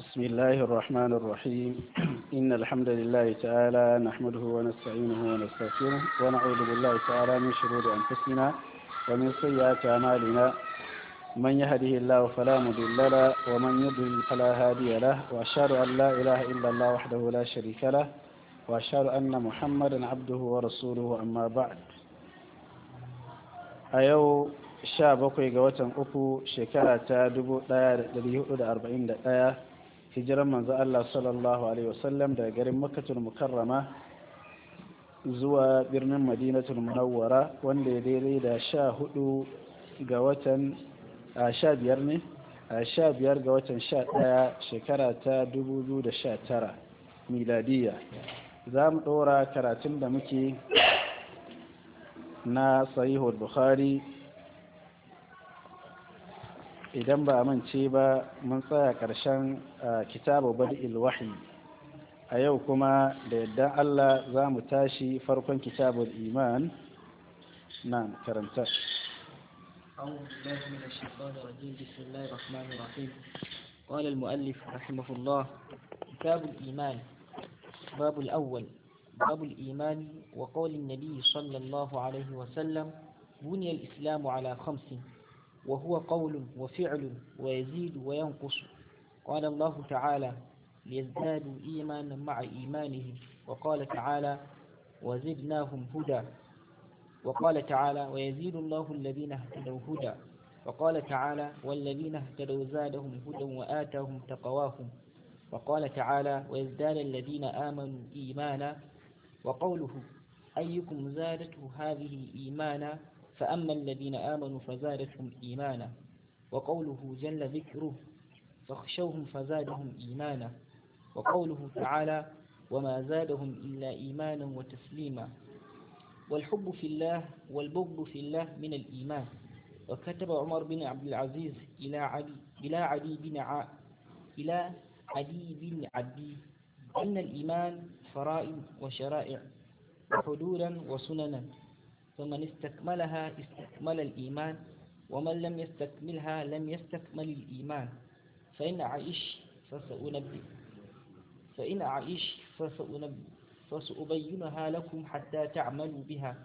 بسم الله الرحمن الرحيم إن الحمد لله تعالى نحمده ونستعينه ونستغفره ونعوذ بالله تعالى من شرور أنفسنا ومن سيئات أعمالنا من يهده الله فلا مضل له ومن يضلل فلا هادي له وأشهد أن لا إله إلا الله وحده لا شريك له وأشهد أن محمدا عبده ورسوله أما بعد أيو sha bakwai ga watan uku shekara ta 1441 hijiran manzo Allah sallallahu alaihi wasallam daga garin makatul mukarrama zuwa birnin madinatul munawwara wanda ya daidai da sha hudu ga watan a sha biyar ne a sha biyar ga watan sha ɗaya shekara ta dubu biyu da sha tara miladiya za mu ɗora karatun da muke na sahihul bukhari idan ba mance ba mun tsaya ƙarshen kitabu bad'il wahyi a yau kuma da yadda Allah za mu tashi farkon kitabul iman na karanta قال المؤلف رحمه الله كتاب الإيمان باب الأول باب الإيمان وقول النبي صلى الله عليه وسلم بني الإسلام على خمس وهو قول وفعل ويزيد وينقص قال الله تعالى ليزدادوا إيمانا مع إيمانهم وقال تعالى وزدناهم هدى وقال تعالى ويزيد الله الذين اهتدوا هدى وقال تعالى والذين اهتدوا زادهم هدى وآتاهم تقواهم وقال تعالى ويزداد الذين آمنوا إيمانا وقوله أيكم زادته هذه إيمانا فأما الذين آمنوا فزادتهم إيمانا وقوله جل ذكره فاخشوهم فزادهم إيمانا وقوله تعالى وما زادهم إلا إيمانا وتسليما والحب في الله والبغض في الله من الإيمان وكتب عمر بن عبد العزيز إلى علي إلى علي بن ع... إلى علي بن عدي أن الإيمان فرائض وشرائع وحدودا وسننا فمن استكملها استكمل الإيمان ومن لم يستكملها لم يستكمل الإيمان فإن عائش فسأنبئ فإن أعيش فسأنبئ فسأبينها لكم حتى تعملوا بها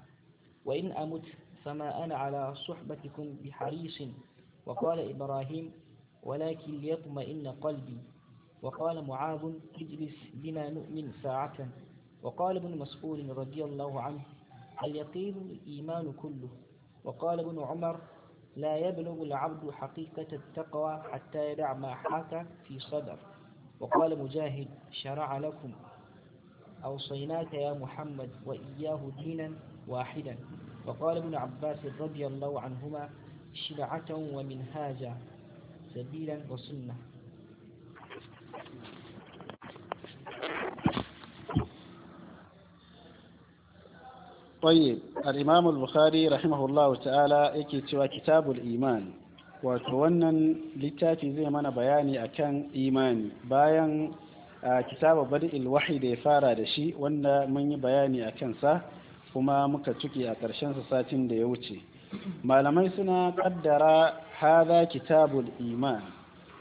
وإن أمت فما أنا على صحبتكم بحريص وقال إبراهيم ولكن ليطمئن قلبي وقال معاذ اجلس بنا نؤمن ساعة وقال ابن مسعود رضي الله عنه اليقين الإيمان كله وقال ابن عمر لا يبلغ العبد حقيقة التقوى حتى يدع ما حاك في صدر وقال مجاهد شرع لكم أوصيناك يا محمد وإياه دينا واحدا وقال ابن عباس رضي الله عنهما شرعة ومنهاجا سبيلا وسنة طيب الإمام البخاري رحمه الله تعالى يكتوى كتاب الإيمان وتوانا لتاتي زي ما بياني أكان إيماني باين كتاب بدء الوحي دي فارا دشي وانا من بياني أكان سا kuma muka tuki a sa satin da ya wuce malamai suna ƙaddara haza kitabul iman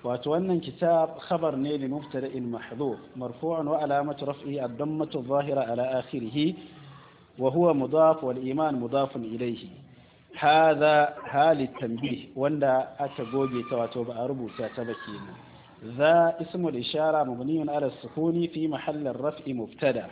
wato wannan kitab khabar ne li mubtada il mahdhuf marfu'un wa alamatu raf'i a dammatu adh ala ala akhirih وهو مضاف والإيمان مضاف إليه هذا هال التنبيه وندا أتبوجي تواتوب أربو تاتبكين ذا اسم الإشارة مبني على السكون في محل الرفع مبتدا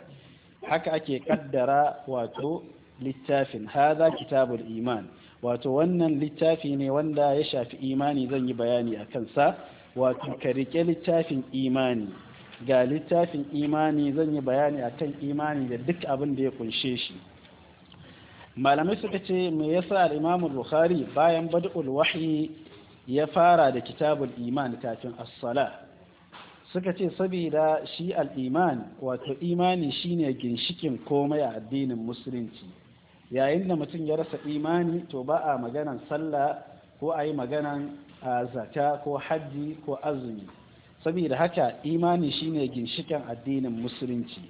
حكى أكي قدر واتو littafin haza kitabul iman wato wannan littafi ne wanda ya shafi imani zan yi bayani a kansa wato ka rike littafin imani ga littafin imani zan yi bayani a kan imani da duk abin da ya kunshe shi malamai suka ce me yasa al Bukhari bayan bad'ul wahyi ya fara da kitabul iman kafin as-sala suka ce saboda shi al’iman wato imani shine ginshikin komai a addinin musulunci yayin da mutum ya rasa imani to ba a maganan sallah ko a yi maganan zata ko hajji ko azumi saboda haka imani shine ginshikan addinin musulunci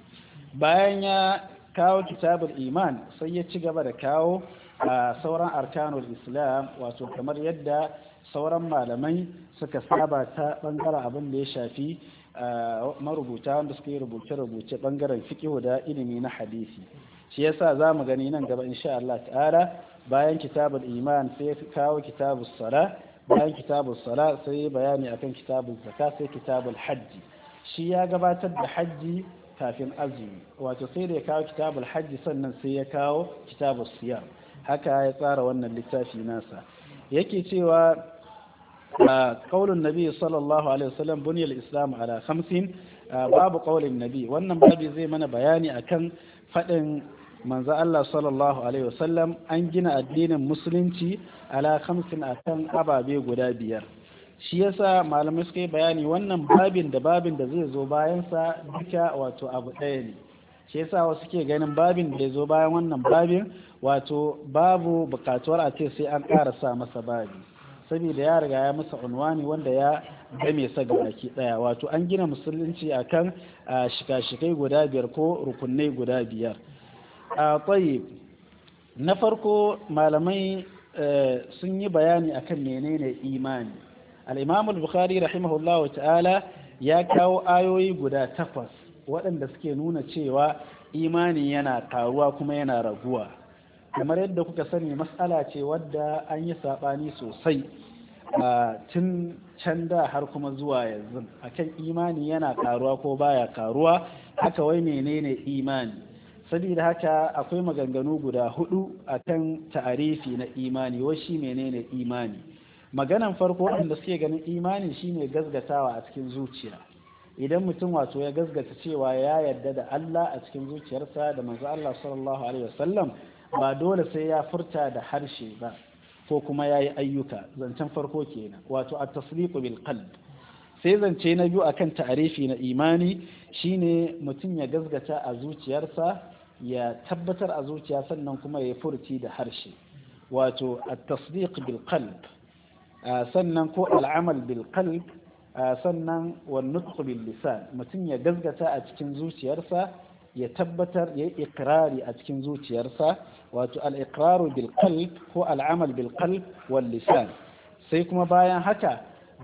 bayan ya kawo kitabul iman sai ya ci gaba da kawo a sauran arkanul islam wato kamar yadda sauran malamai suka saba ta bangaren abin da ya shafi marubuta wanda suka yi rubuce-rubuce bangaren fikihu da ilimi na hadisi shi yasa za mu gani nan gaba insha Allah ta'ala bayan kitabul iman sai ya kawo kitabus sala bayan kitabar sala sai bayani akan kitabul zaka sai kitabul hajji shi ya gabatar da hajji kafin azumi wato sai da ya kawo kitabul hajji sannan sai ya kawo kitabul siya haka ya tsara wannan littafi nasa yake cewa qaulun nabi sallallahu alaihi wasallam bunyal islam ala 50 babu kaulin nabi wannan babu zai mana bayani akan fadin manzo Allah sallallahu alaihi wasallam an gina addinin musulunci ala khamsin akan ababe guda biyar shi yasa malamai suka yi bayani wannan babin da babin da zai zo bayan sa duka wato abu ɗaya ne shi yasa wasu ke ganin babin da zai zo bayan wannan babin wato babu bukatuwar a ce sai an ƙara sa masa babi saboda ya riga ya masa unwani wanda ya game sa ga baki wato an gina musulunci akan ah, shika-shikai guda biyar ko rukunai guda biyar a tsaye na farko malamai eh, sun yi bayani akan menene imani al’imamul Bukhari rahimahullah bukhari rahimahullahu ta'ala ya kawo ayoyi guda takwas waɗanda suke nuna cewa imani yana karuwa kuma yana raguwa kamar yadda kuka sani matsala ce wadda an yi saɓani sosai a tun can da har kuma zuwa yanzu akan imani yana karuwa ko baya karuwa haka wai menene imani saboda haka akwai maganganu guda hudu akan ta'arifi na imani washi shi menene imani maganan farko wanda suke ganin imani shine gazgatawa a cikin zuciya idan mutum wato ya gazgata cewa ya yarda da Allah a cikin zuciyarsa da manzo Allah sallallahu alaihi wasallam ba dole sai ya furta da harshe ba ko kuma yayi ayyuka zancen farko kenan wato at-tasdiq bil qalb sai zance na biyu akan ta'arifi na imani shine mutum ya gazgata a zuciyarsa ya tabbatar a zuciya sannan kuma ya furci da harshe wato a tasdiq bil qalb sannan ko al'amal bil qalb sannan wa nutq bil lisan mutum ya gazgata a cikin zuciyarsa ya tabbatar ya yi ikrari a cikin zuciyarsa wato al-iqraru bil qalb ko al'amal bil qalb wal lisan sai kuma bayan haka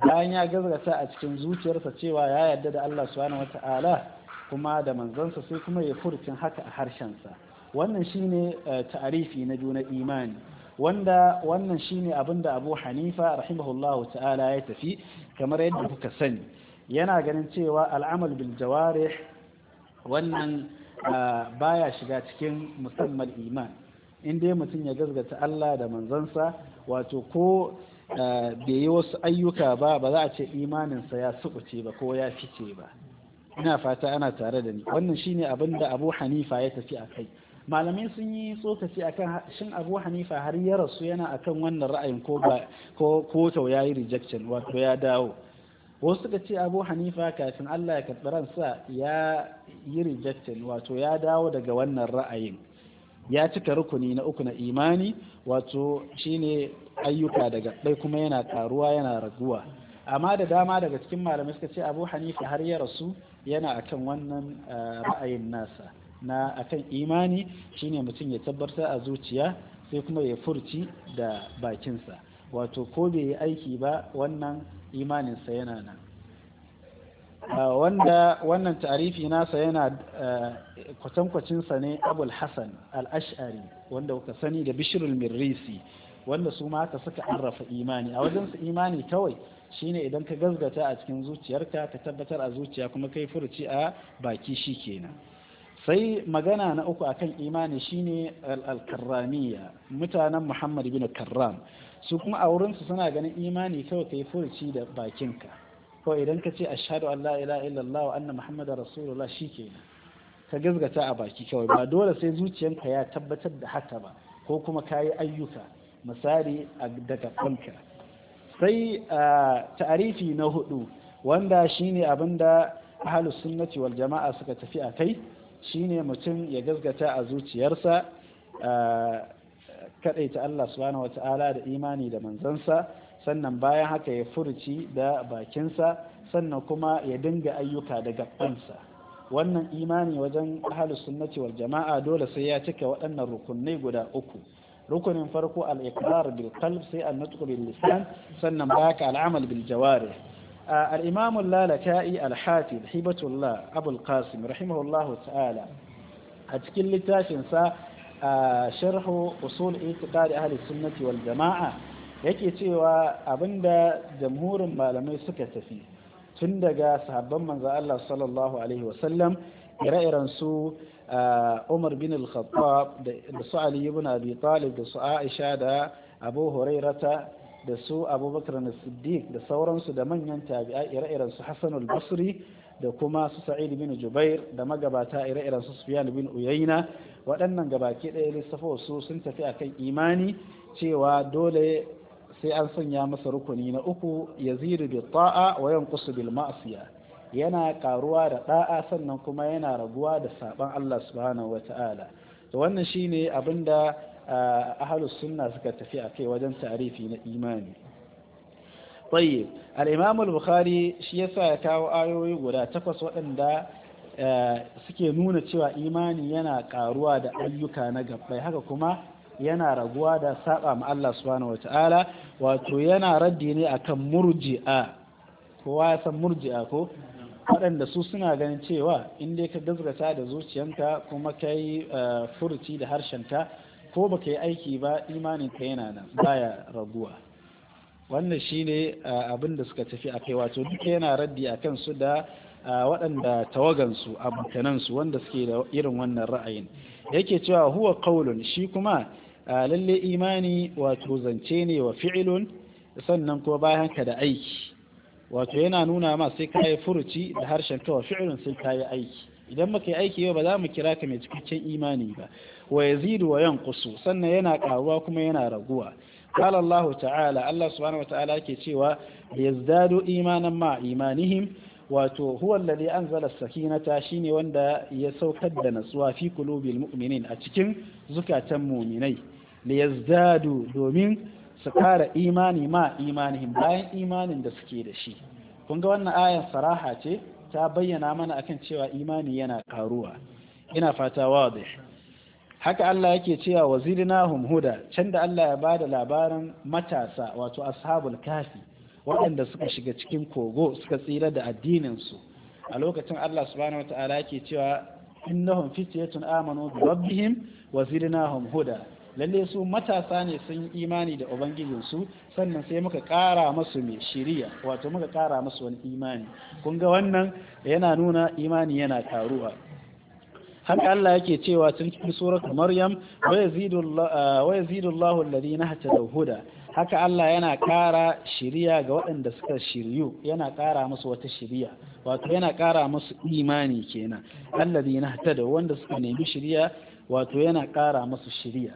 bayan ya gazgata a cikin zuciyarsa cewa ya yarda da Allah subhanahu wata'ala kuma da manzansa sai kuma ya furcin haka a harshensa wannan shine eh, ta'arifi na juna imani wanda wannan shine abinda Abu Hanifa rahimahullahu ta'ala ya tafi kamar yadda kuka sani yana ganin cewa al'amal bil jawarih wannan eh, baya shiga cikin musamman iman in dai mutum ya gazgata Allah da manzansa wato ko eh, bai yi wasu ayyuka ba ba za a ce imaninsa ya suɓuce ba ko ya fice ba ina fata ana tare da ni wannan shine abin da abu hanifa ya tafi a kai malamai sun yi tsokaci akan shin abu hanifa har ya rasu yana akan wannan ra'ayin ko ba ko ko to yayi rejection wato ya dawo wasu suka ce abu hanifa kafin Allah ya karɓi ransa ya yi rejection wato ya dawo daga wannan ra'ayin ya cika rukuni na uku na imani wato shine ayyuka daga ɗai kuma yana karuwa yana raguwa amma da dama daga cikin malamai suka ce abu hanifa har ya rasu yana akan wannan eh, ra'ayin nasa na akan imani shine mutum ya tabbatar a zuciya sai kuma ya furci da bakinsa wato ko bai yi aiki ba wannan imaninsa yana nan ah, wanda wannan tarifi nasa yana eh, kwatankwacinsa ne abul hassan al'ash'ari wanda kuka sani da bishirul mirrisi wanda su ma aka suka arrafa imani a wajensu imani kawai shine idan ka gazgata a cikin zuciyarka ka tabbatar a zuciya kuma kai furuci a baki shi kenan sai magana na uku akan imani shine al-karramiya mutanen Muhammad bin Karram su kuma a wurinsu suna ganin imani kawai kai furuci da bakinka kawai idan ka ce ashhadu an la ilaha illallah wa anna muhammadar rasulullah shikenan ka gazgata a baki kawai ba dole sai zuciyarka ya tabbatar da haka ba ko kuma kayi ayyuka misali daga kanka sai ta'arifi na hudu wanda shine abinda ahlus sunnati wal jama'a suka tafi a kai shine mutum ya gazgata a zuciyarsa ta Allah subhanahu wata'ala da imani da manzansa sannan bayan haka ya furci da bakinsa sannan kuma ya dinga ayyuka da gabansa wannan imani wajen ahlus sunnati wal jama'a dole sai ya cika waɗannan rukunai guda uku rukunin farko al ikrar bil qalb sai an-nutq bil sannan baka ka al'amal bil jawarih al-imam al-lalakai al-hafiz hibatullah abul rahimahullahu ta'ala a cikin littafinsa a sharhu usul i'tiqad ahli sunnati wal jama'a yake cewa abinda jamhurin malamai suka tafi tun daga sahabban manza Allah sallallahu alaihi wasallam ire-iren su umar bin al-khattab da su ali ibn abi talib da su aisha da abu hurairata da su abubakar na siddiq da sauransu da manyan tabi'a ire-iren su hassan al-basri da kuma su sa'id bin jubair da magabata ire-iren su sufyan bin uyayna waɗannan gabaki ɗaya lissafo su sun tafi akan imani cewa dole sai an sanya masa rukuni na uku yazidu bi ta'a wa yanqusu bil ma'siyah yana karuwa da da'a sannan kuma yana raguwa da saban Allah subhanahu wata'ala to wannan shine abinda ahlus sunna suka tafi a kai wajen ta'rifi na imani al-imam al Bukhari shi yasa ya kawo ayoyi guda takwas waɗanda suke nuna cewa imani yana karuwa da ayyuka na gabbai haka kuma yana raguwa da saba ma Allah subhanahu wata'ala wato yana raddi ne akan murji'a kowa ya san murji'a ko waɗanda su suna ganin cewa in dai ka gazgata da zuciyanka kuma ka yi eh, furuci da harshenta ko ba ka yi aiki ba imanin ka yana nan baya raguwa wannan shine eh, abin da suka tafi a kai wato duka yana raddi a kansu da eh, waɗanda tawagansu abokanansu wanda suke da irin wannan ra'ayin yake cewa huwa qaulun shi kuma lalle imani wato zance ne wa fi'ilun sannan kuma bayan ka da aiki wato yana nuna ma sai ka yi furuci da harshen kawa fi'ilin sai ka yi aiki idan muka yi aiki yau ba za mu kira ka mai cikakken imani ba wa yazidu wa sannan yana karuwa kuma yana raguwa قال الله تعالى الله سبحانه cewa كتوى imanin ma مع إيمانهم wato huwa alladhi anzala sakinata shine wanda ya saukar da natsuwa fi qulubil mu'minin a cikin zukatan mu'minai liyazdadu domin su ƙara imani ma imanihim bayan imanin da suke da shi kun ga wannan ayar saraha ce ta bayyana mana akan cewa imani yana karuwa ina fata wadih haka Allah yake cewa wazirinahum huda can da Allah ya bada labarin matasa wato ashabul kafi waɗanda suka shiga cikin kogo suka tsira da addinin su a lokacin Allah subhanahu wataala yake cewa innahum fitiyatun amanu bi rabbihim wazirinahum huda lalle su matasa ne sun yi imani da ubangijinsu sannan sai muka ƙara masu mai shiriya wato muka ƙara masu wani imani kun ga wannan yana nuna imani yana karuwa haka Allah yake cewa cikin suratul maryam wa yazidu Allahu ah, alladhina da huda haka Allah yana ƙara shiriya ga waɗanda suka shiryu yana ƙara masu wata shiriya wato yana kara masu imani kenan alladhina da wanda suka nemi shiriya wato yana kara masu shiriya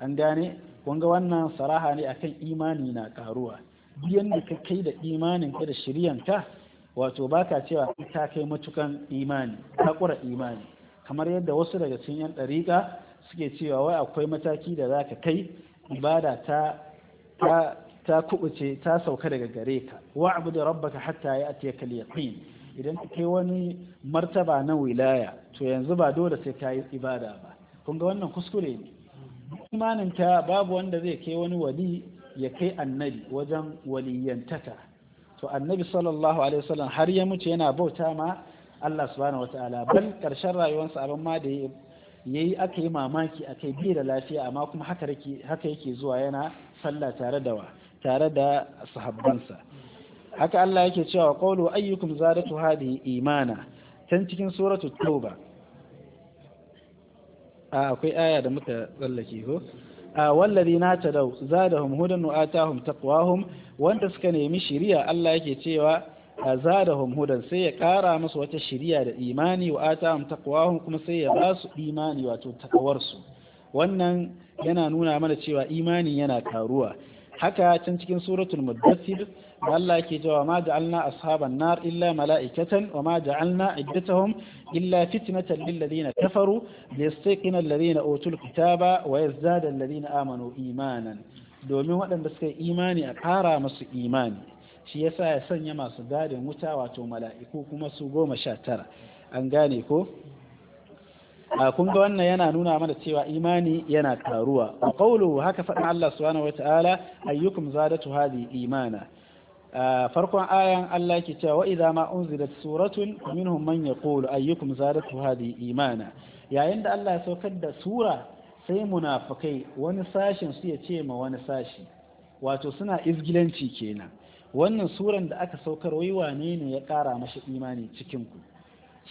an gane wanga wannan saraha ne akan imani na karuwa Biyan ka kai da imanin ka da shiryanta? wato ba baka cewa ta kai matukan imani ta kura imani kamar yadda wasu daga cikin yan dariƙa suke cewa wai akwai mataki da za ka kai ibada ta ta ta kubuce ta sauka daga gare ka Wa da rabbaka hatta ya'tiyaka al-yaqin idan ka kai wani martaba na wilaya to yanzu ba dole sai ka yi ibada ba kun wannan kuskure ne imaninta babu wanda zai kai wani wali ya kai annabi wajen waliyantaka to annabi sallallahu alaihi wasallam har ya mutu yana bauta ma Allah subhanahu wataala bal karshen rayuwarsa abin ma da yayi aka yi mamaki a kai bi da lafiya amma kuma haka yake zuwa yana sallah tare da wa tare da sahabbansa haka Allah yake cewa qawlu ayyukum zadatu hadhihi imana can cikin suratu tauba a akwai aya da muka tsallake ko a wallazi na ta da zadahum hudan wa atahum taqwahum wanda suka nemi shiriya Allah yake cewa zadahum hudan sai ya kara musu wata shiriya da imani wa atahum taqwahum kuma sai ya ba su imani wato su wannan yana nuna mana cewa imani yana karuwa haka can cikin suratul muddathir da Allah yake cewa ma ja'alna ashaban nar illa mala'ikatan wa ma ja'alna iddatahum illa fitnatan lil ladina kafaru liyastaqina alladhina utul kitaba wa yazdada alladhina amanu imanan domin waɗanda suka yi imani a ƙara masu imani shi yasa ya sanya masu gadin wuta wato mala'iku kuma su goma sha tara an gane ko Ah, kun ga wannan yana nuna mana cewa imani yana taruwa. wa qawlu haka faɗin Allah subhanahu wata'ala ayyukum zadatu hadhihi imana ah, farkon ayan Allah ke cewa wa idza ma unzilat suratun minhum man yaqulu ayyukum zadatu hadhihi imana yayin da Allah ya saukar da sura sai munafikai wani sashin su ya ce ma wani sashi wato suna izgilanci kenan wannan suran da aka saukar wai wane ne ya kara mashi imani cikin ku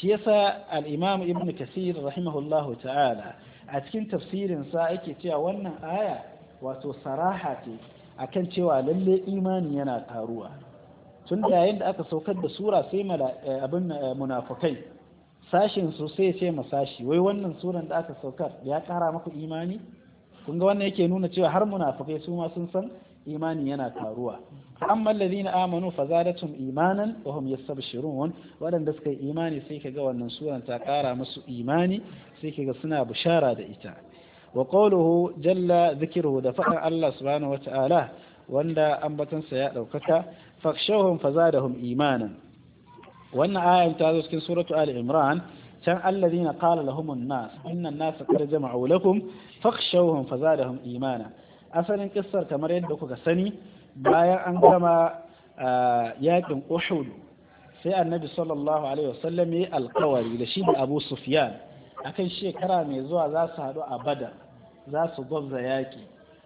shi yasa al-imam ibn kasir rahimahullahu ta'ala a cikin tafsirin sa yake cewa wannan aya wato saraha ce akan cewa lalle imani yana taruwa tun da yayin da aka saukar da sura sai mala eh, abin eh, munafikai sashin su sai ce masashi wai wannan suran da aka saukar ya kara maku imani kun ga wannan yake nuna cewa har munafikai su ma sun san imani yana taruwa amma alladhina amanu fazadatum imanan wa hum yastabshirun wadanda suka yi imani sai kaga wannan suran ta kara musu imani sai kaga suna bishara da ita wa qawluhu jalla dhikruhu da fadan Allah subhanahu wata'ala wanda ambatansa ya daukaka fakshawhum fazadahum imanan wannan ayan ta zo cikin suratu ali imran can alladhina qala lahum an-nas inna an-nasa qad jama'u lakum fakshawhum fazadahum imanan asalin kissar kamar yadda kuka sani bayan an gama yakin uhud sai annabi sallallahu alaihi wasallam ya alkawari da shi da abu sufyan akan shekara mai zuwa za su haɗu a badar za su gwabza yaƙi.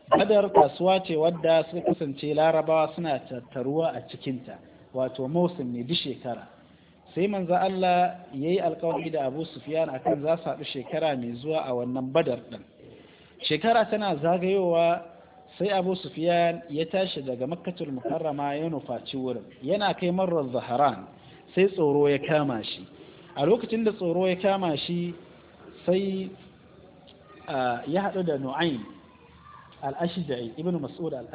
badar kasuwa ce wadda suka kasance larabawa suna tattaruwa a cikinta wato mausim ne duk shekara sai manzo Allah yayi yi alkawari da Abu Sufyan akan za su haɗu shekara mai zuwa a wannan Badar ɗin. Shekara tana zagayowa sai abu sufiyan ya tashi daga makkatul muharrama ya nufaci wurin yana kai marar zaharan sai tsoro ya kama shi a lokacin da tsoro ya kama shi sai ya haɗu da nu'ayin al'ashida'i ibn mas'ud al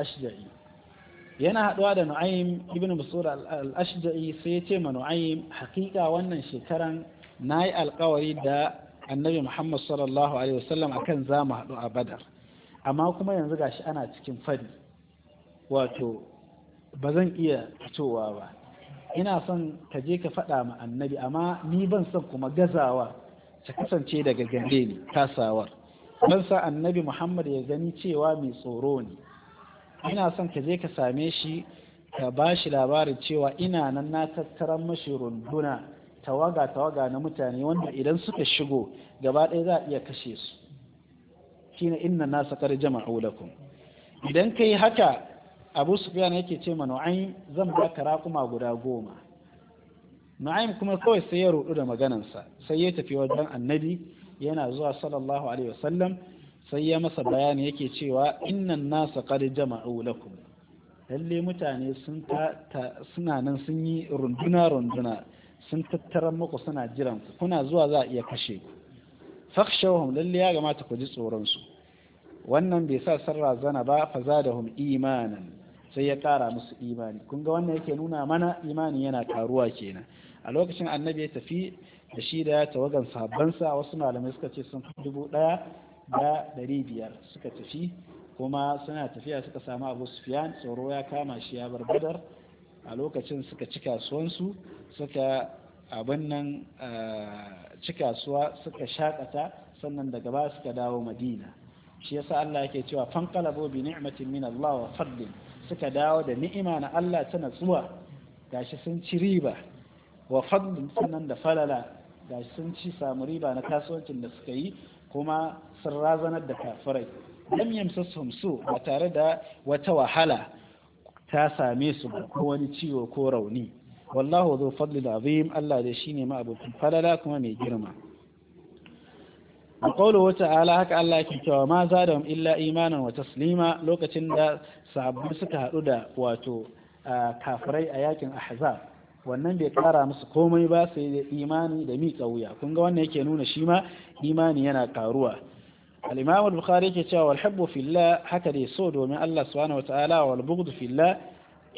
yana haɗuwa da nu'ayin ibn mas'ud al'ashida'i sai ya ce ma nu'ayin hakika wannan shekaran na yi alkawari da annabi muhammad sallallahu alaihi wasallam akan za mu haɗu a badar amma kuma yanzu gashi ana cikin fari wato ba zan iya fitowa ba ina son ka je ka faɗa ma annabi amma ni ban son kuma gazawa ta kasance daga gande ni kasawar ban sa annabi muhammad ya gani cewa mai tsoro ne ina son ka je ka same shi ka ba shi labarin cewa ina nan na tattaran mashi runduna tawaga tawaga na mutane wanda idan suka shigo gaba ɗaya za a iya kashe su shine inna nasa kar jama'u lakum idan kai haka Abu Sufyan yake ce ma Nu'aym zan baka rakuma guda goma Nu'aym kuma kawai sai ya rudu da maganansa sai ya tafi wajen Annabi yana zuwa sallallahu alaihi wasallam sai ya masa bayani yake cewa innan nasa qad jama'u lakum lalle mutane sun suna nan sun yi runduna runduna sun tattara muku suna jiran ku kuna zuwa za a iya kashe ku fakhshawhum lalle ya gamata ku ji tsoron su wannan bai sa sarrazana zana ba fa zadahum imanan sai ya kara musu imani kun ga wannan yake nuna mana imani yana karuwa kenan a lokacin annabi ya tafi da shi da tawagan sa wasu malamai suka ce sun dubu daya da dari biyar suka tafi kuma suna tafiya suka samu abu sufiyan tsoro ya kama shi ya bar a lokacin suka ci kasuwansu suka abin nan eh, cikasuwa suka shakata sannan daga ba suka dawo madina shi yasa Allah yake cewa fankalabo bi ni'matin min Allah wa fadlin suka dawo da ni'ima na Allah ta natsuwa gashi sun ci riba wa fadlin sannan da falala gashi sun ci samu riba na kasuwancin da suka yi kuma sun razanar da kafirai lam yamsasuhum su ba tare da wata wahala ta same su ba ko wani ciwo ko rauni wallahu dhu fadlil azim Allah da shi ne abokin falala kuma mai girma qawlu wa ala haka Allah ke cewa ma da illa imanin wata taslima lokacin da sabbin suka hadu da wato kafirai a yakin ahzab wannan bai kara musu komai ba sai da imani da miƙa wuya kun ga wannan yake nuna shi ma imani yana karuwa al-imam al-bukhari yake cewa wal hubbu fillah haka dai so domin Allah subhanahu wa ta'ala wal bughd fillah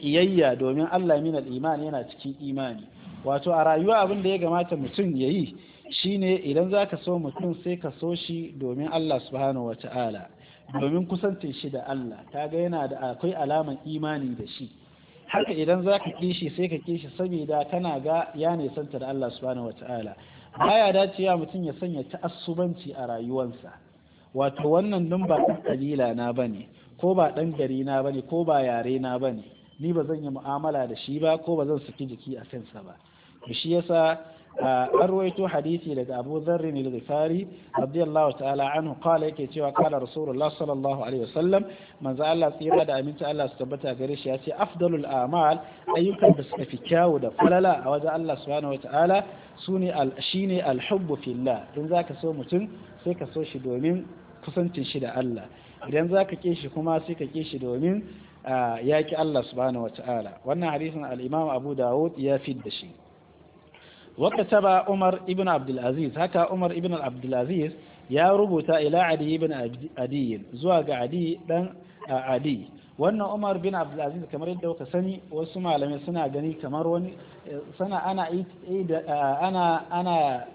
ƙiyayya domin Allah min al yana cikin imani wato a rayuwa abin da ya gamata mutum ya yi shine idan za ka so mutum sai ka so shi domin Allah subhanahu wa ta'ala domin kusantin shi da Allah kaga yana da akwai alaman imani da shi haka idan za ka kishi sai ka kishi saboda kana ga ya nisanta da Allah subhanahu wa ta'ala baya dacewa mutum ya sanya ta'assubanci a rayuwansa wato wannan dun ba ɗan kabila na bane ko ba ɗan gari na bane ko ba yare na bane ni ba zan yi mu'amala da shi ba ko ba zan saki jiki a kansa ba shi yasa an ruwaito hadisi daga Abu Dharr al-Ghifari radiyallahu ta'ala anhu kala yake cewa qala Rasulullah sallallahu alaihi wasallam manzo Allah tsira da aminta Allah su tabbata gare shi ya ce afdalul a'mal ayyukan da suka fi kyawu da falala a wajen Allah subhanahu wata'ala sune al shine al-hubbu fillah in zaka so mutum sai ka so shi domin kusancin shi da Allah idan zaka ke shi kuma sai ka ke shi domin ya ki Allah subhanahu ta'ala wannan hadisin al-Imam Abu Dawud ya fidda shi وكتب عمر ابن عبد العزيز هكا عمر ابن عبد ya rubuta ila إلى عدي بن عدي زواج عدي بن adi wannan Umar bin Abdulaziz kamar yadda kuka sani wasu malamai suna gani kamar wani sana ana ana ana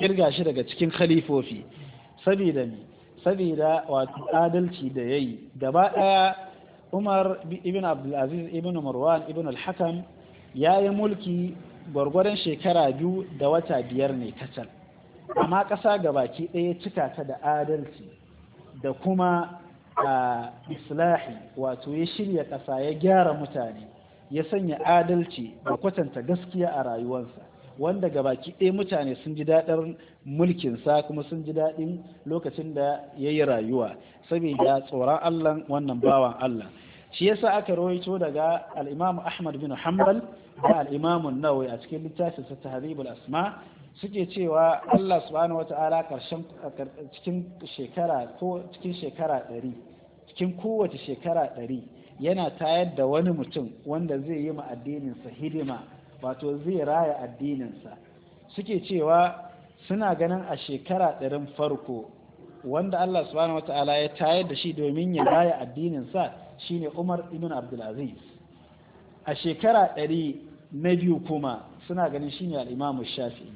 kirga shi daga cikin khalifofi saboda ni saboda wato adalci da yayi gaba daya umar ibn abdulaziz ibn marwan ibn al-hakam ya yi mulki gwargwaron shekara biyu da wata biyar ne kacal amma ƙasa ga baki ɗaya cika ta da adalci da kuma a islahi wato ya shirya ƙasa ya gyara mutane ya sanya adalci da kwatanta gaskiya a rayuwarsa wanda gabaki ɗaya mutane sun ji daɗin mulkinsa kuma sun ji daɗin lokacin da ya yi rayuwa saboda tsoron Allah wannan bawan Allah shi yasa aka rawaito daga al-Imam Ahmad bin Hanbal da al-Imam Nawawi a cikin littafin sa Tahribul Asma suke cewa Allah subhanahu wata'ala karshen cikin shekara ko cikin shekara 100 cikin kowace shekara ɗari yana tayar da wani mutum wanda zai yi ma addininsa hidima wato zai raya addininsa suke cewa suna ganin a shekara ɗarin farko wanda Allah subhanahu ta'ala ya tayar da shi domin ya gaya addinin sa shine Umar ibn Abdul a shekara ɗari na biyu kuma suna ganin shine al-Imam Shafi'i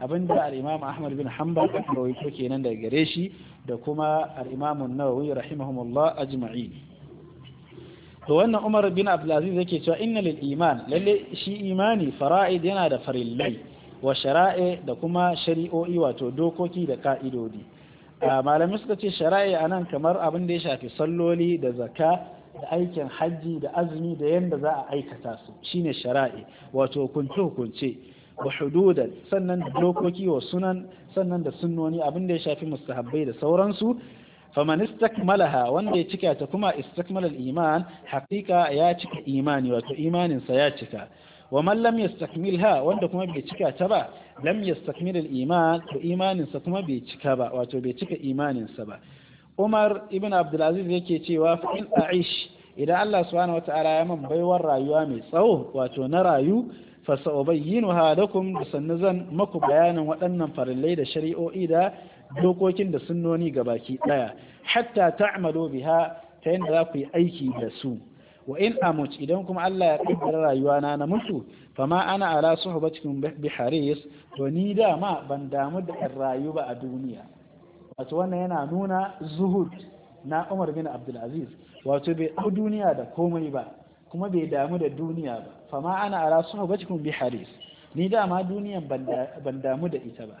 abinda al-Imam Ahmad bin Hanbal rawaito kenan daga gare shi da kuma al-Imam nawawi rahimahumullah ajma'in to wannan Umar bin Abdul Aziz yake cewa inna lil iman lalle shi imani fara'id yana da farillai wa shara'i da kuma shari'o'i wato dokoki da ka'idodi malamai suka ce shari'a a nan kamar abin da ya shafi salloli da zaka da aikin hajji da azumi da yadda za a aikata su shine shari'a wato hukunce hukunce wa hududan sannan da dokoki wa sunan sannan da sunnoni abin da ya shafi mustahabbai da sauransu faman istakmalaha wanda ya cika ta kuma istakmalal iman hakika ya cika imani wato imaninsa ya cika wa man lam yastakmilha wanda kuma bai cika ta ba lam yastakmil al-iman to imanin sa kuma bai cika ba wato bai cika imanin sa ba Umar ibn Abdul Aziz yake cewa fa in aish idan Allah subhanahu wata'ala ya man baiwar rayuwa mai tsawo wato na rayu fa sa'ubayyinuha lakum da sannu zan maku bayanin waɗannan farillai da shari'o'i da dokokin da sunnoni gabaki daya hatta ta'malu biha ta yadda za ku yi aiki da su wa in amuc idan kuma Allah ya kaddara rayuwa na na mutu ma ana ala suhbatikum bi haris to ni da ma ban damu da in rayu ba a duniya wato wannan yana nuna zuhud na Umar bin Abdul Aziz wato bai dau duniya da komai ba kuma bai damu da duniya ba ma ana ala suhbatikum bi haris ni da ma duniyan ban damu da ita ba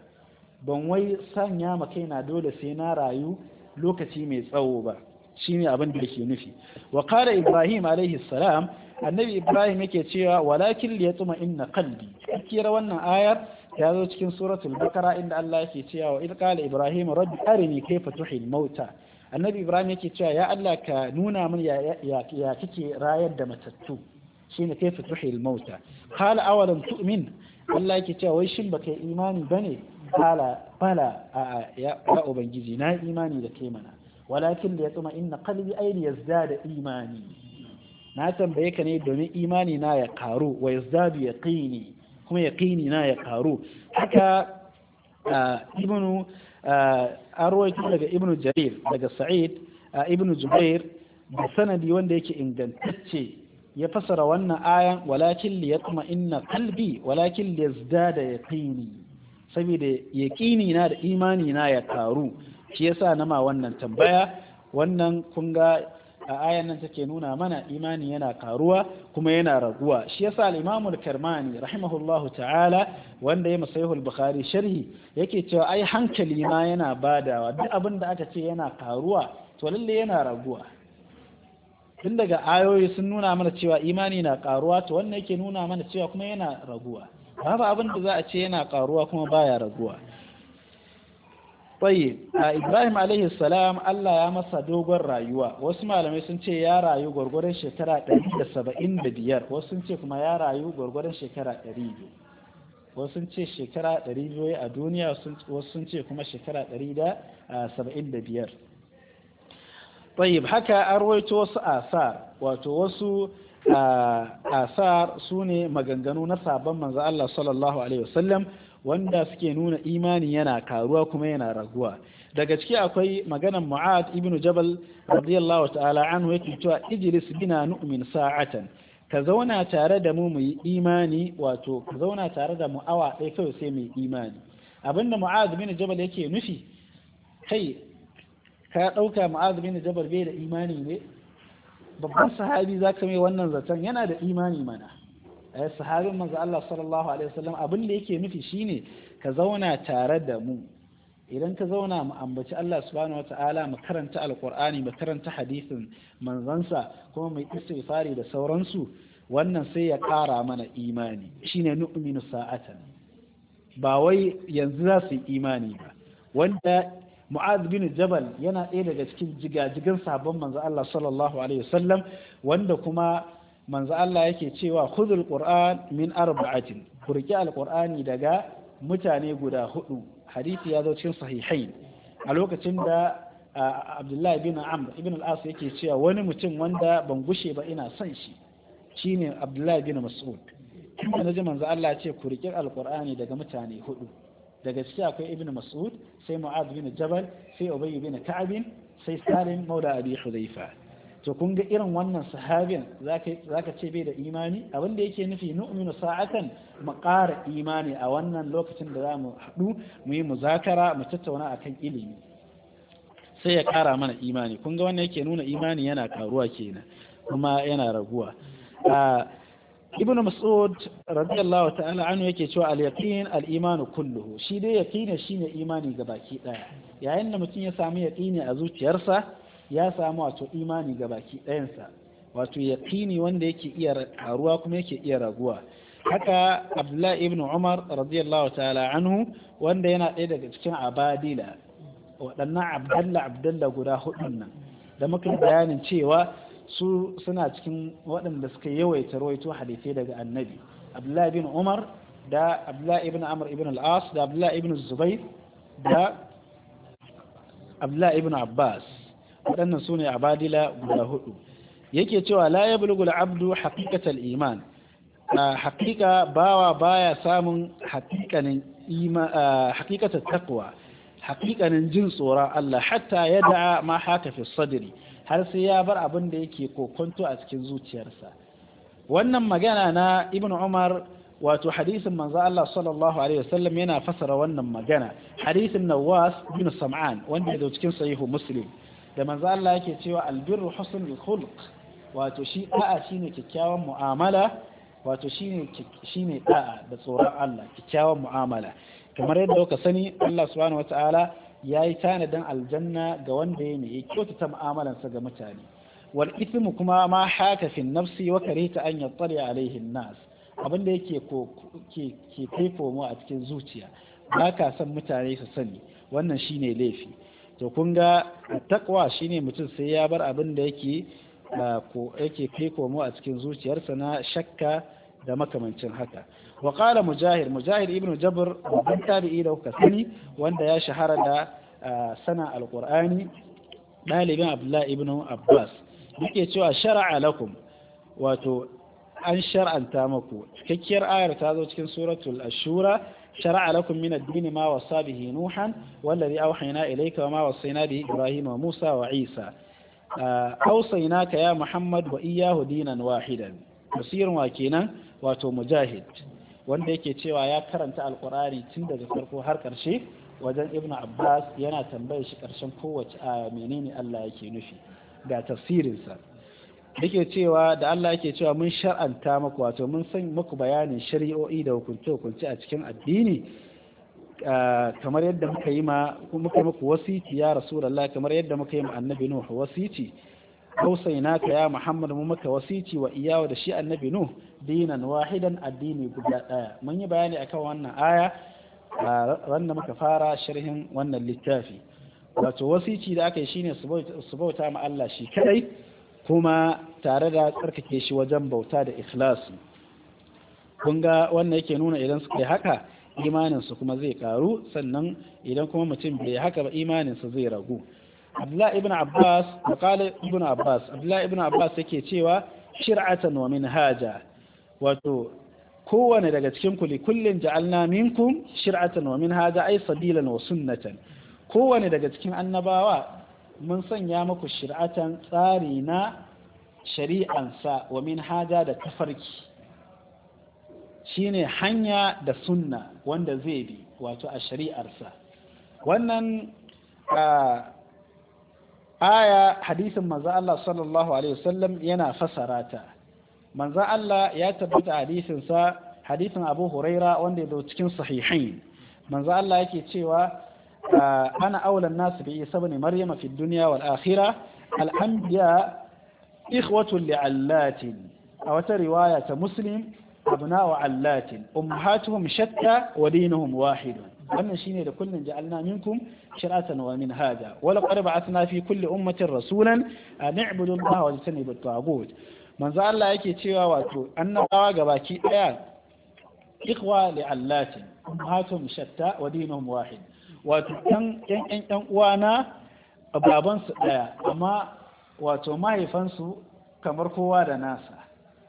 ban wai sanya ma kaina dole sai na rayu lokaci mai tsawo ba shine abin da yake nufi wa ibrahim alaihi salam annabi ibrahim yake cewa walakin li yatma inna qalbi kira wannan ayar ya zo cikin suratul bakara inda Allah yake cewa wa id qala ibrahim rabbi arini kayfa mauta annabi ibrahim yake cewa ya Allah ka nuna min ya kike rayar da matattu shine kayfa tuhil mauta qala awalam tu'min Allah yake cewa wai shin baka imani bane kala bala a ya ubangiji na imani da kai mana walakin da ya tsuma inna qalbi ayni yazdada imani na tambaye ka ne domin imani na ya karu wa yazdadu yaqini kuma yaqini na ya karu haka ibnu arwaito daga ibnu jarir daga sa'id ibnu zubair da sanadi wanda yake ingantacce ya fasara wannan ayan walakin li yatma inna qalbi walakin li yazdada yaqini saboda yaqini na da imani na ya karu shi yasa na ma wannan tambaya wannan kun ga a ayan nan take nuna mana imani yana karuwa kuma yana raguwa shi yasa al-Imam al-Karmani rahimahullahu ta'ala wanda ya masayihul Bukhari sharhi yake cewa ai hankali ma yana badawa duk abin da aka ce yana karuwa to lalle yana raguwa tun daga ayoyi sun nuna mana cewa imani na karuwa to wannan yake nuna mana cewa kuma yana raguwa babu abin da za a ce yana karuwa kuma baya raguwa A Ibrahim عليه السلام الله يا مسا دوغر رايوا wasu malamai sun ce ya rayu gwargwaron shekara 175 wasu sun ce kuma ya rayu gwargwaron shekara 200 wasu sun ce shekara 200 a duniya wasu sun ce kuma shekara 175 طيب haka an rawaito wasu asar wato wasu asar sune maganganu na sabon manzo Allah sallallahu wanda suke nuna imani yana karuwa kuma yana raguwa daga ciki akwai maganan mu'ad ibnu jabal radiyallahu ta'ala anhu yake cewa ijlis bina nu'min sa'atan ka zauna tare da mu muyi imani wato ka zauna tare da mu awa ɗaya kawai sai mu imani abinda mu'ad ibnu jabal yake nufi kai ka ɗauka mu'ad ibnu jabal bai da imani ne babban sahabi zaka mai wannan zaton yana da imani mana Eh, sahabin manzo Allah sallallahu alaihi wasallam abin da yake nufi shine ka zauna tare da mu idan ka zauna mu ambaci Allah subhanahu wata'ala mu karanta alqur'ani mu karanta hadisin manzansa kuma mu istighfari da sauransu wannan sai ya kara mana imani shine nu'minu sa'atan ba wai yanzu za su yi imani ba wanda mu'az bin jabal yana ɗaya daga cikin jigajigan sabon manzo Allah sallallahu alaihi wasallam wanda kuma manzo Allah yake cewa khudhul qur'an min arba'atin kurki alqur'ani daga mutane guda hudu hadisi ya zo cikin sahihain a lokacin da Abdullahi bin Amr ibn al-As yake cewa wani mutum wanda ban gushe ba ina son shi shine Abdullahi bin Mas'ud na ji manzo Allah ce ku riƙi alƙur'ani daga mutane hudu daga ciki akwai ibn mas'ud sai mu'ad bin jabal sai ubay bin ka'ab sai salim Mauda abi hudhaifa to kun ga irin wannan sahabin zaka ce bai da imani abin da yake nufi nu'minu sa'atan mu ƙara imani a wannan lokacin da za mu haɗu mu yi muzakara mu tattauna akan ilimi sai ya ƙara mana imani kun ga wannan yake nuna imani yana karuwa kenan kuma yana raguwa ibn mas'ud radiyallahu ta'ala anhu yake cewa al-yaqin al-iman kulluhu shi dai yaqini shine imani gabaki daya yayin da mutum ya samu yaqini a zuciyarsa ya samu wato imani ga baki ɗayansa wato yaqini wanda yake iya karuwa kuma yake iya raguwa haka abdullahi ibn umar radiyallahu ta'ala anhu wanda yana ɗaya daga cikin abadila waɗannan abdalla abdalla guda hudun nan da muka bayanin cewa su suna cikin waɗanda suka yawaita rawaito hadisai daga annabi abdullahi ibn umar da abdullahi ibn amr ibn al-as da abdullahi ibn zubair da abdullahi ibn abbas waɗannan su ne abadila guda hudu yake cewa la ya bulgul abdu haƙiƙatar iman a haƙiƙa bawa baya samun haƙiƙatar takwa haƙiƙanin jin tsoron Allah hatta ya da'a ma haka fi sadiri har sai ya bar abin da yake kokonto a cikin zuciyarsa wannan magana na ibn umar wato hadisin manzo Allah sallallahu alaihi wasallam yana fasara wannan magana hadisin nawas bin sam'an wanda da cikin sahihu muslim da manzo Allah yake cewa albirru husnul khuluq wato shi da'a shine kyakkyawan mu'amala wato shine shine da'a da tsoron Allah kyakkyawan mu'amala kamar yadda kuka sani Allah subhanahu wata'ala yi tanadin aljanna ga wanda ya ne ta mu'amalansa ga mutane wal ithmu kuma ma haka fi nafsi wa karita an yattali alaihi nas abinda yake ko ke ke kai a cikin zuciya ba ka san mutane su sani wannan shine laifi to kun ga takwa shine mutum sai ya bar abin da yake yake kai komo a cikin zuciyarsa na shakka da makamancin haka wa qala mujahid mujahid ibnu jabr babban tabi'i da kuka sani wanda ya shahara da sana alqur'ani dalibin abdullahi ibnu abbas yake cewa shar'a lakum wato an shar'anta muku cikakkiyar ayar ta zo cikin suratul ashura شرع لكم من الدين ما وصى به نوحا والذي أوحينا إليك وما وصينا به إبراهيم وموسى وعيسى أوصيناك يا محمد وإياه دينا واحدا مسير واكينا واتو مجاهد wanda yake cewa ya karanta alkurani tun daga farko har karshe wajen ibnu abbas yana tambayar shi karshen kowace a menene allah yake nufi ga tasirinsa. yake cewa da Allah yake cewa mun shar'anta muku wato mun san muku bayanin shari'o'i da hukunce-hukunce a cikin addini kamar yadda muka yi ma muka muku wasiti ya rasulullah kamar yadda muka yi ma annabi nuh wasiti hausainaka ya muhammad mu muka wasiti wa iyawa da shi annabi nuh dinan wahidan addini guda daya mun yi bayani akan wannan aya wanda muka fara sharhin wannan littafi wato wasici da aka yi shine su bauta ma Allah shi kadai kuma tare da tsarkake shi wajen bauta da ikhlasi kun ga wannan yake nuna idan suka yi haka imaninsu kuma zai karu sannan idan kuma mutum bai haka ba zai ragu abdullahi ibn abbas maqala ibn abbas abdullahi ibn abbas yake cewa shir'atan wa haja. wato kowane daga cikin ku kullin ja'alna minkum shir'atan wa haja ay sabilan wa sunnatan kowane daga cikin annabawa mun sanya muku shir'atan tsari na shari'ansa wa min haja da tafarki shine hanya da sunna wanda zai bi wato a shari'arsa wannan aya hadisin manzo Allah sallallahu alaihi wasallam yana fasara ta manzo Allah ya tabbata hadisin sa hadisin Abu Huraira wanda ya zo cikin sahihain manzo Allah yake cewa ana aulan nasu bi isa bane maryama fi duniya wal akhira al anbiya ikhwatu li allatin a wata riwaya ta muslim wa allatin ummahatuhum shatta wa dinuhum wannan shine da kullun ja'alna minkum shir'atan wa min hada wa laqad ba'athna fi kulli ummatin rasulan an i'budu allaha wa tajtanibu at manzo Allah yake cewa wato annabawa gabaki daya ikhwa li allatin ummahatuhum shatta wa dinuhum wahid wato ɗan ƴan ƴan uwana babansu ɗaya amma wato mahaifansu kamar kowa da nasa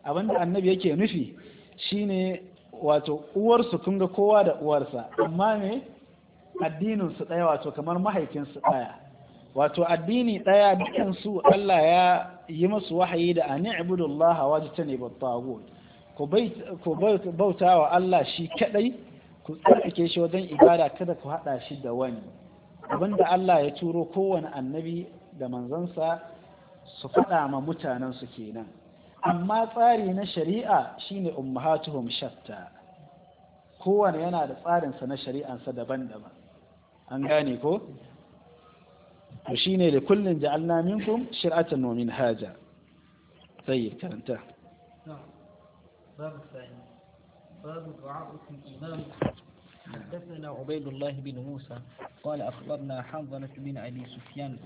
abinda annabi yake nufi shine wato uwarsu kun ga kowa da uwarsa amma ne addininsu ɗaya wato kamar mahaifinsu ɗaya wato addini ɗaya dukansu Allah ya yi masu wahayi da ani hawa jita ne battagut ku bauta wa Allah shi kaɗai? ku tsarkake shi wajen ibada kada ku haɗa shi da wani abinda Allah ya turo kowane annabi da manzansa su faɗa ma mutanen mutanensu kenan amma tsari na shari'a shine ummahatuhum shatta kowane yana da tsarinsa na shari'ansa daban-daban an gane ko to shine da kullun ja'alna minkum shir'atan wa minhaja tayyib karanta na'am babu باب دعاء الإمام حدثنا عبيد الله بن موسى قال أخبرنا حنظلة بن أبي سفيان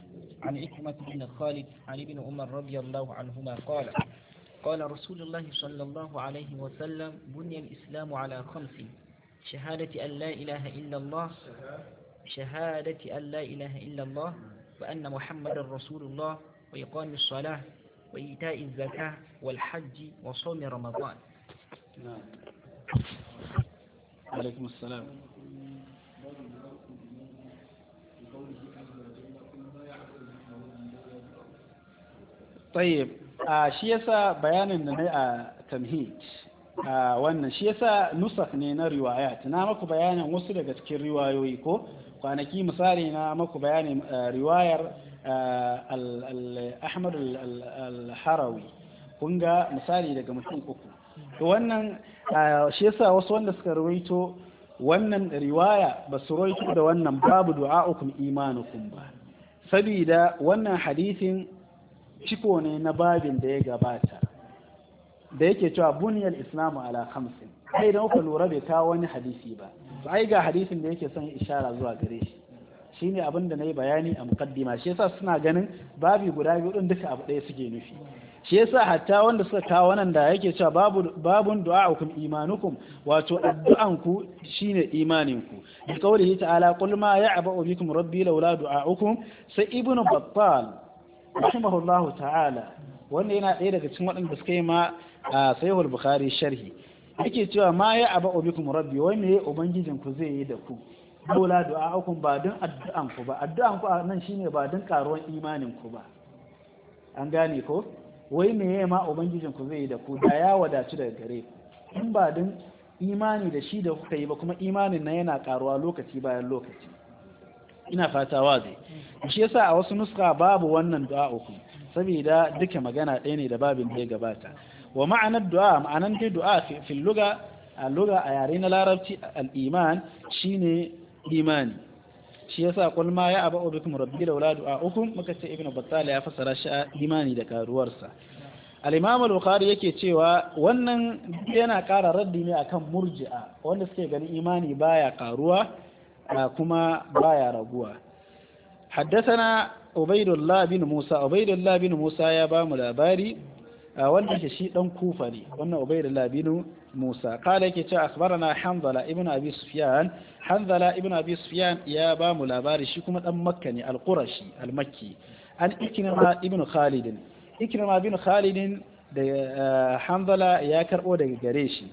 عن عكرمة بن خالد عن ابن عمر رضي الله عنهما قال قال رسول الله صلى الله عليه وسلم بني الإسلام على خمس شهادة أن لا إله إلا الله شهادة أن لا إله إلا الله وأن محمد رسول الله وإقام الصلاة وإيتاء الزكاة والحج وصوم رمضان نعم وعليكم السلام طيب shi yasa bayanin da nai a tamhid wannan shi yasa nusakh ne na riwayat na maku bayanin wasu daga cikin riwayoyi ko kwanaki misali na maku bayanin riwayar ahmad al-harawi kun misali daga mutum uku to wannan shi yasa wasu wanda suka rawaito wannan riwaya ba su rawaito da wannan babu du'a ukun imanukum ba sabida wannan hadisin ciko ne na babin da ya gabata da yake cewa buniyal islamu ala khamsin sai da kuka lura bai kawo wani hadisi ba to ai ga hadisin da yake son ishara zuwa gare shi shine abin da yi bayani a mukaddima shi yasa suna ganin babi guda biyu din duka abu ɗaya suke nufi shi yasa hatta wanda suka kawo nan da yake cewa babu babun ku imanukum wato addu'anku shine imaninku bi qawlihi ta'ala qul ma ya'ba'u bikum rabbi laula du'a'ukum sai ibnu battal rahimahullahu ta'ala wanda yana ɗaya daga cikin waɗanda suka yi ma sahihul bukhari sharhi yake cewa ma ya'ba'u bikum rabbi wai me ku zai yi da ku dola du'a'ukum ba addu'an ku ba addu'anku a nan shine ba don karuwan ku ba an gane ko wai me ya ma ubangijin ku zai yi da ku da ya wadaci daga gare ku in ba din imani da shi da kuka yi ba kuma imanin na yana karuwa lokaci bayan lokaci ina fata wazi shi yasa a wasu nuska babu wannan du'a uku saboda duka magana ɗaya ne da babin da ya gabata wa ma'anar du'a ma'anar dai du'a fil luga a luga a yare na larabci al-iman shine imani shi yasa qul ma ya aba bikum rabbi a uku muka ce ibnu battal ya fasara shi a imani da karuwarsa al-imam al-bukhari yake cewa wannan yana ƙara raddi ne akan murji'a wanda suke ganin imani baya karuwa kuma baya raguwa حدثنا عبيد الله بن موسى عبيد الله بن موسى يا بام wanda ke shi dan kufa ne wannan ubaydullah bin musa yake cewa na hanzala ibnu abi sufyan hanzala ibn abi sufyan ya ba mu labari shi kuma dan makka ne al-qurashi al-makki an ikrima ibn khalid ikrima ibn khalid da eh, hanzala ya karbo daga gare shi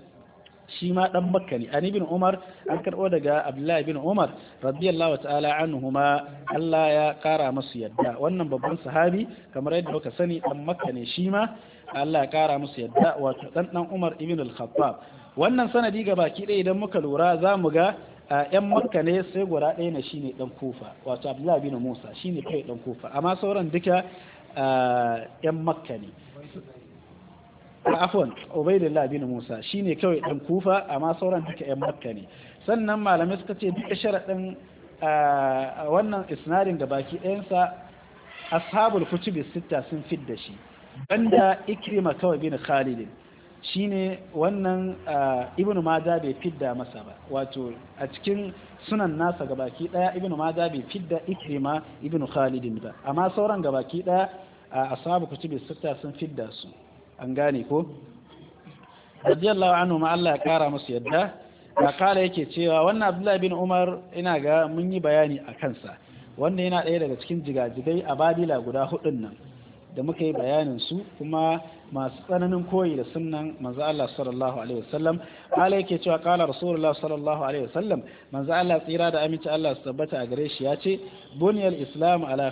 shi ma dan makka ne an ibn umar an karbo daga abdullahi ibn umar radiyallahu ta'ala anhuma Allah ya kara masu yadda wannan babban sahabi kamar yadda muka sani dan makka ne shi ma Allah ya kara musu yadda wato dan dan umar ibn al-khattab wannan sanadi ga baki ɗaya idan muka lura za mu ga yan makka ne sai gura ɗaya ne shine dan kufa wato abdullahi bin musa shine kai dan kufa amma sauran duka yan makka ne afwan ubaidillah bin musa shine kawai dan kufa amma sauran duka yan makka ne sannan malamai suka ce duka sharaɗin wannan isnadin da baki ɗayansa ashabul kutubi sitta sun fidda shi banda ikrima kawai bin khalidin shine wannan ah, ibnu Maza bai fidda masa ba wato a cikin sunan nasa gabaki daya ibnu Maza bai fidda ikrima ibnu khalidin ba amma sauran gabaki daya ah, ashabu kutubi sita sun fidda su an gane ko radiyallahu anhu ma Allah ya kara musu yadda ya kala yake cewa wannan abdullahi bin umar ina ga mun yi bayani a kansa wanda yana daya daga cikin jigajigai a babila guda hudun nan da muka yi bayanin su kuma masu tsananin koyi da sunnan manzo Allah sallallahu alaihi wasallam Allah yake cewa qala rasulullah sallallahu alaihi wasallam manzo Allah tsira da aminci Allah su tabbata a gare shi ya ce buniyal islam ala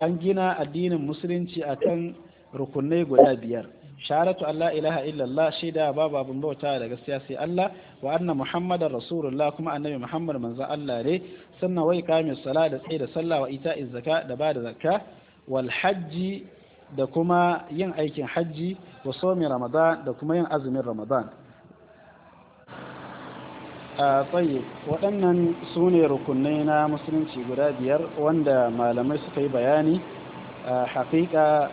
an gina addinin musulunci akan rukunai guda biyar sharatu Allah ilaha illallah shaida babu abin bauta da gaskiya sai Allah wa anna muhammadar rasulullah kuma annabi muhammad manza Allah ne sannan wai kame sala da tsaye da sallah wa ita'iz zakat da ba da zakka wal da kuma yin aikin hajji wa somi ramadan da kuma yin azumin ramadan a tsaye waɗannan su ne rukunai na musulunci guda biyar wanda malamai suka yi bayani a haƙiƙa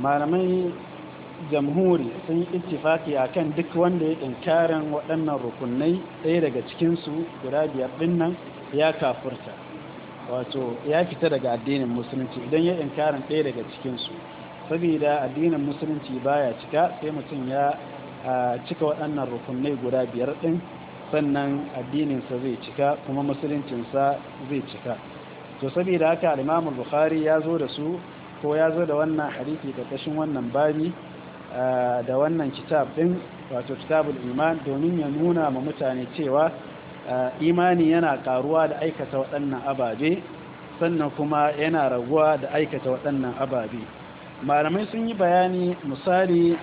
malamai jamhuri sun yi ittifaki a kan duk wanda ya ɗinkarin waɗannan rukunai ɗaya daga cikinsu guda biyar ɗinnan ya kafurta wato ya fita daga addinin musulunci idan ya inkarin ɗaya daga cikinsu saboda addinin musulunci baya cika sai mutum ya cika waɗannan rukunai guda biyar ɗin sannan addininsa zai cika kuma musuluncinsa zai cika to saboda haka al bukhari ya zo da su ko ya zo da wannan hadisi ƙarƙashin wannan babi da wannan kitab ɗin wato kitabul iman domin ya nuna ma mutane cewa Eh, imani yana karuwa da aikata waɗannan ababe sannan kuma yana raguwa da aikata waɗannan ababe malamai sun yi bayani misali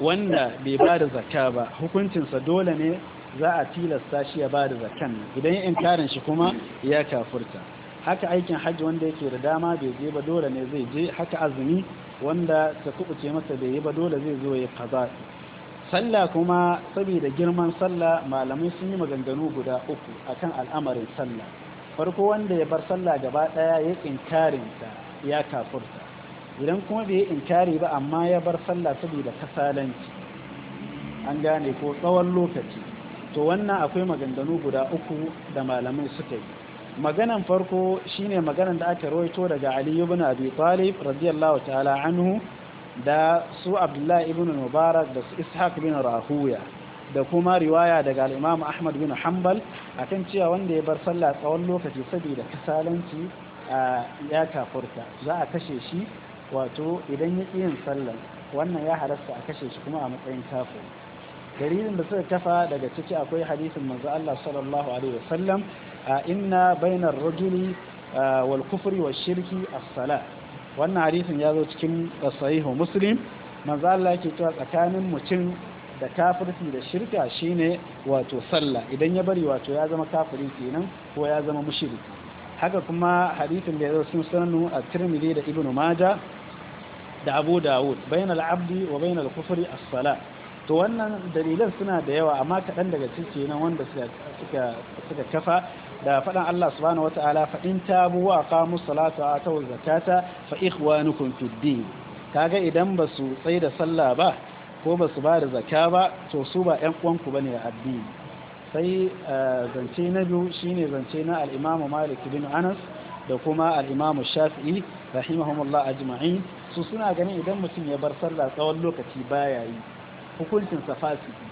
wanda bai ba da zakka ba hukuncinsa dole ne za a tilasta shi ya ba da zakkan idan yin karin shi kuma ya kafurta haka aikin hajji wanda yake da dama bai je ba dole ne zai je haka azumi wanda ta kubuce masa bai yi ba dole zai zo ya kaza sallah kuma saboda girman sallah malamai sun yi maganganu guda uku akan al'amarin sallah farko wanda ya bar sallah gaba daya ya ta ya kafurta idan kuma bai inkari ba amma ya bar sallah saboda kasalanci an gane ko tsawon lokaci to wannan akwai maganganu guda uku da malamai suka yi maganan farko shine maganan da aka rawaito daga Ali ibn Abi Talib radiyallahu ta'ala anhu da su abdullahi ibn mubarak da su ishaq bin rahuya da kuma riwaya daga al'imam ahmad bin hanbal kan cewa wanda ya bar sallah tsawon lokaci saboda kasalanci ya kafurta za a kashe shi wato idan ya ƙi yin sallah wannan ya halasta a kashe shi kuma a matsayin kafo dalilin da suka kafa daga ciki akwai hadisin manzo Allah sallallahu alaihi wasallam inna bainar rajuli wal kufri wa shirki as salat wannan hadisin ya zo cikin sahihu muslim manzo Allah yake cewa tsakanin mutum da kafirci da shirka shine wato sallah idan ya bari wato ya zama kafiri kenan ko ya zama mushriki haka kuma hadisin da ya zo sun sanu a Tirmidhi da Ibn Majah da Abu Dawud bainal abdi wa bainal kufri as-salah to wannan dalilan suna da yawa amma kaɗan daga ciki nan wanda suka kafa da faɗan Allah subhanahu wata'ala faɗin tabu wa qamu salata ta zakata fa ikhwanukum fid din kaga idan ba su tsaye da sallah ba ko ba su ba da zakka ba to su ba ƴan uwanku bane a addini sai eh, zance na biyu shine zance na al-Imam Malik bin Anas da kuma al-Imam Shafi'i rahimahumullah ajma'in su suna ganin idan mutum ya bar sallah tsawon lokaci baya yi hukuncin fasiki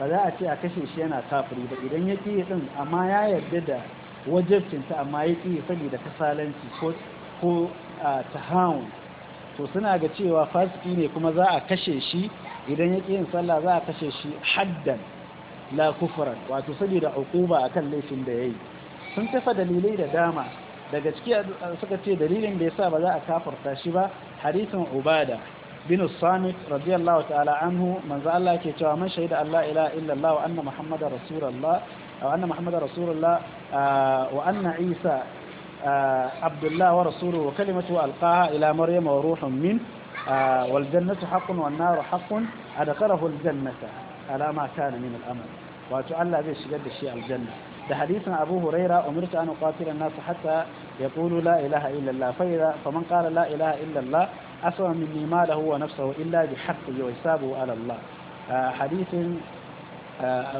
ba za a ce a kashe shi yana kafiri ba idan ya ƙi din amma ya yarda da wajabcinta amma ya ƙi saboda kasalanci ko tahawun to suna ga cewa fasiki ne kuma za a kashe shi idan ya ƙi sallah za a kashe shi haddan la kufran wato saboda uquba akan laifin da yayi sun tafa dalilai da dama daga ciki suka ce dalilin da yasa ba za a kafarta shi ba hadisin ubada bin samit radiyallahu ta'ala anhu manzo Allah yake cewa man shaida Allah ila illa Allah wa anna muhammadar rasulullah wa anna muhammadar rasulullah uh, wa anna isa uh, abdullah wa rasuluhu wa kalimatu alqaha ila maryam wa ruhun min uh, wal jannatu haqqun wan naru haqqun adkhalahu al jannata ala ma kana min al amal wato Allah zai shigar da shi aljanna da hadisin abu huraira umirtu an qatila nasu hatta yaqulu la ilaha illallah fa idza faman qala la ilaha illallah aswa min ma lahu wa nafsuhu illa bi haqqi wa hisabu ala Allah hadisin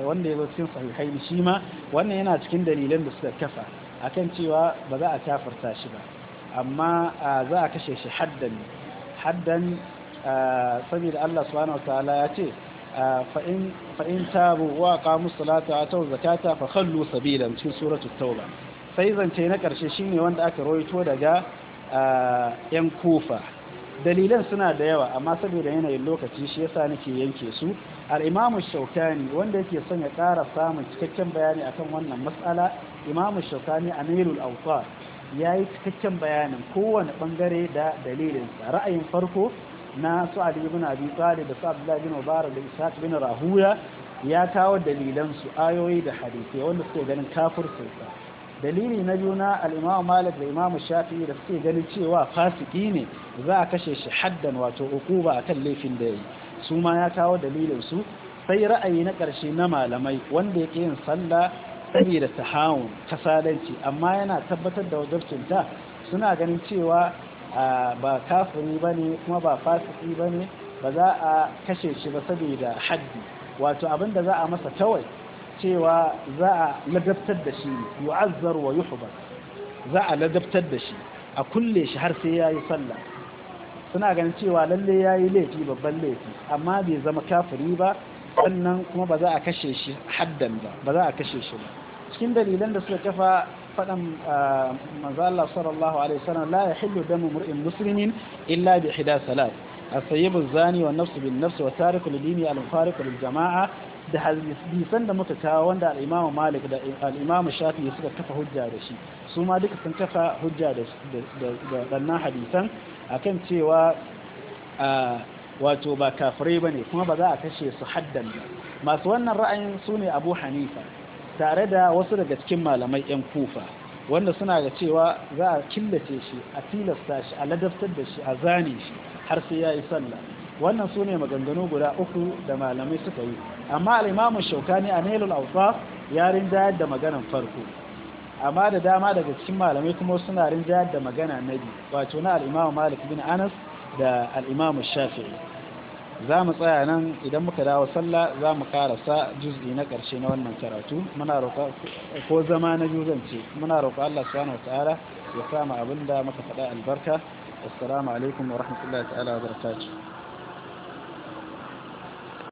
wanda yazo cikin sahihaini shi ma wannan yana cikin dalilan da suka kafa akan cewa ba za a kafarta shi ba amma za a kashe shi haddan haddan saboda Allah subhanahu wa ta'ala ya ce a فإن تابوا وقاموا الصلاة وآتوا ta فخلوا sai في سورة na ƙarshe shi ne wanda aka roito daga yan kofa dalilan suna da yawa amma saboda yanayin lokaci shi yasa nake yanke su al’imamu shaukani wanda yake son ya ƙara samun cikakken bayani akan wannan matsala imamu shaukani amirul ya yi cikakken bayanin kowane bangare da dalilinsa ra'ayin farko na su Ali ibn Abi Talib da su Abdullah ibn Mubarak da Ishaq ibn Rahuya ya kawo dalilan su ayoyi da hadisi wanda suke ganin kafircin dalili na juna na al-Imam Malik da Imam Shafi'i da suke ganin cewa fasiki ne za a kashe shi haddan wato ukuba akan laifin da yayi su ma ya kawo dalilin su sai ra'ayi na ƙarshe na malamai wanda yake yin sallah da tahawun kasalanci amma yana tabbatar da wajibcinta suna ganin cewa ba kafiri ba ne kuma ba fasiki ba ne ba za a kashe shi ba saboda haddi wato abin da za a masa kawai cewa za a ladabtar da shi yu'azzar wa yuhbar za a ladabtar da shi a kulle shi har sai yayi sallah suna ganin cewa lalle yi laifi babban laifi amma bai zama kafiri ba sannan kuma ba za a kashe shi haddan ba ba za a kashe shi ba cikin dalilan da suka kafa faɗan eh, manzala sallallahu alaihi wasallam la yahillu damu mur'in muslimin illa bi ihda salat as-sayyib az-zani wa nafsu bin nafs wa tariku lil al-fariq lil-jama'a da hadisan da muka kawo wanda al-imamu malik da al-imamu shafi'i suka kafa hujja da shi su ma duka sun kafa hujja da da hadisan akan cewa eh, wato ba kafirai bane kuma ba za a kashe su haddan masu wannan ra'ayin su ne abu hanifa tare da wasu daga cikin malamai 'yan kufa wanda suna ga cewa za a killace shi a tilasta shi a ladabtar da shi a zane shi har sai ya yi sallah wannan su ne maganganu guda uku da malamai suka yi amma al'imamun shaukani a nailul alfaf ya rinjayar da maganan farko amma da dama daga cikin malamai kuma suna rinjayar da magana na biyu wato na al'imamu malik bin anas da al'imamu shafi'i za mu tsaya nan idan muka dawo sallah za mu karasa juz'i na ƙarshe na wannan karatu muna roƙa ko zama na juzance muna roƙa Allah subhanahu wataala ya sa mu abinda muka faɗa albarka assalamu alaikum wa rahmatullahi ta'ala wa barakatuh